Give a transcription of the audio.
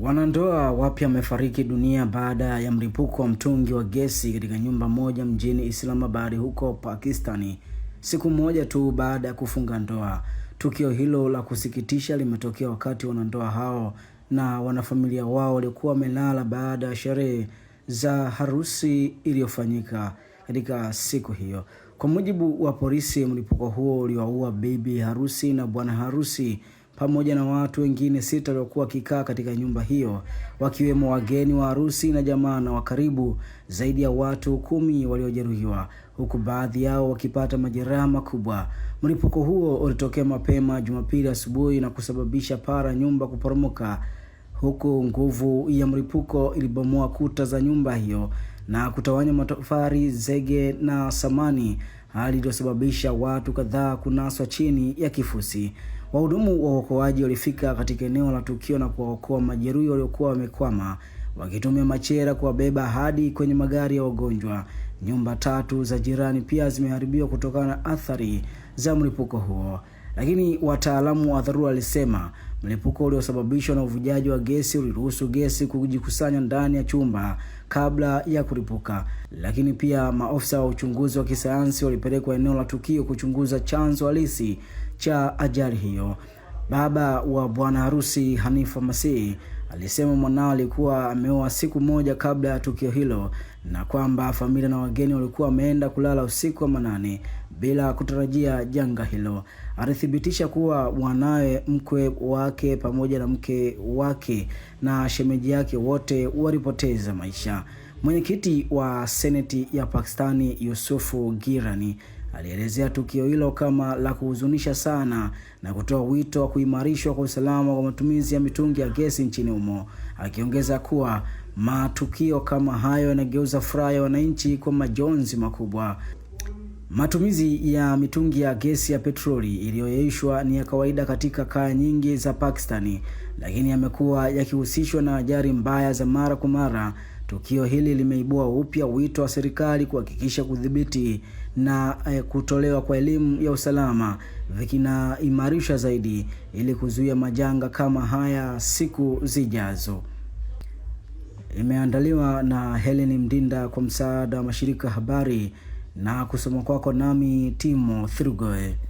Wanandoa wapya wamefariki dunia baada ya mlipuko wa mtungi wa gesi katika nyumba moja mjini Islamabad huko Pakistani, siku moja tu baada ya kufunga ndoa. Tukio hilo la kusikitisha limetokea wakati wanandoa hao na wanafamilia wao waliokuwa wamelala baada ya sherehe za harusi iliyofanyika katika siku hiyo. Kwa mujibu wa polisi, mlipuko huo uliwaua bibi harusi na bwana harusi pamoja na watu wengine sita waliokuwa wakikaa katika nyumba hiyo, wakiwemo wageni wa harusi na jamaa na wa karibu, zaidi ya watu kumi waliojeruhiwa, huku baadhi yao wakipata majeraha makubwa. Mlipuko huo ulitokea mapema Jumapili asubuhi na kusababisha para nyumba kuporomoka, huku nguvu ya mlipuko ilibomoa kuta za nyumba hiyo na kutawanya matofali, zege na samani hali iliyosababisha watu kadhaa kunaswa chini ya kifusi. Wahudumu wa uokoaji walifika katika eneo la tukio na kuwaokoa majeruhi waliokuwa wamekwama wakitumia machera kuwabeba hadi kwenye magari ya wagonjwa. Nyumba tatu za jirani pia zimeharibiwa kutokana na athari za mlipuko huo, lakini wataalamu wa dharura walisema Mlipuko uliosababishwa na uvujaji wa gesi uliruhusu gesi kujikusanya ndani ya chumba kabla ya kuripuka, lakini pia maofisa wa uchunguzi wa kisayansi walipelekwa eneo la tukio kuchunguza chanzo halisi cha ajali hiyo. Baba wa bwana harusi Hanifa Masihi alisema mwanao alikuwa ameoa siku moja kabla ya tukio hilo na kwamba familia na wageni walikuwa wameenda kulala usiku wa manane bila kutarajia janga hilo. Alithibitisha kuwa mwanawe, mkwe wake pamoja na mke wake na shemeji yake wote walipoteza maisha. Mwenyekiti wa Seneti ya Pakistani Yusufu Girani alielezea tukio hilo kama la kuhuzunisha sana na kutoa wito wa kuimarishwa kwa usalama kwa matumizi ya mitungi ya gesi nchini humo, akiongeza kuwa matukio kama hayo yanageuza furaha ya wananchi kwa majonzi makubwa. Matumizi ya mitungi ya gesi ya petroli iliyoyeyushwa ni ya kawaida katika kaya nyingi za Pakistani, lakini yamekuwa yakihusishwa na ajali mbaya za mara kwa mara Tukio hili limeibua upya wito wa serikali kuhakikisha kudhibiti na eh, kutolewa kwa elimu ya usalama vikinaimarisha zaidi ili kuzuia majanga kama haya siku zijazo. Imeandaliwa na Helen Mdinda kwa msaada wa mashirika habari na kusoma kwako nami Timo Thrugoe.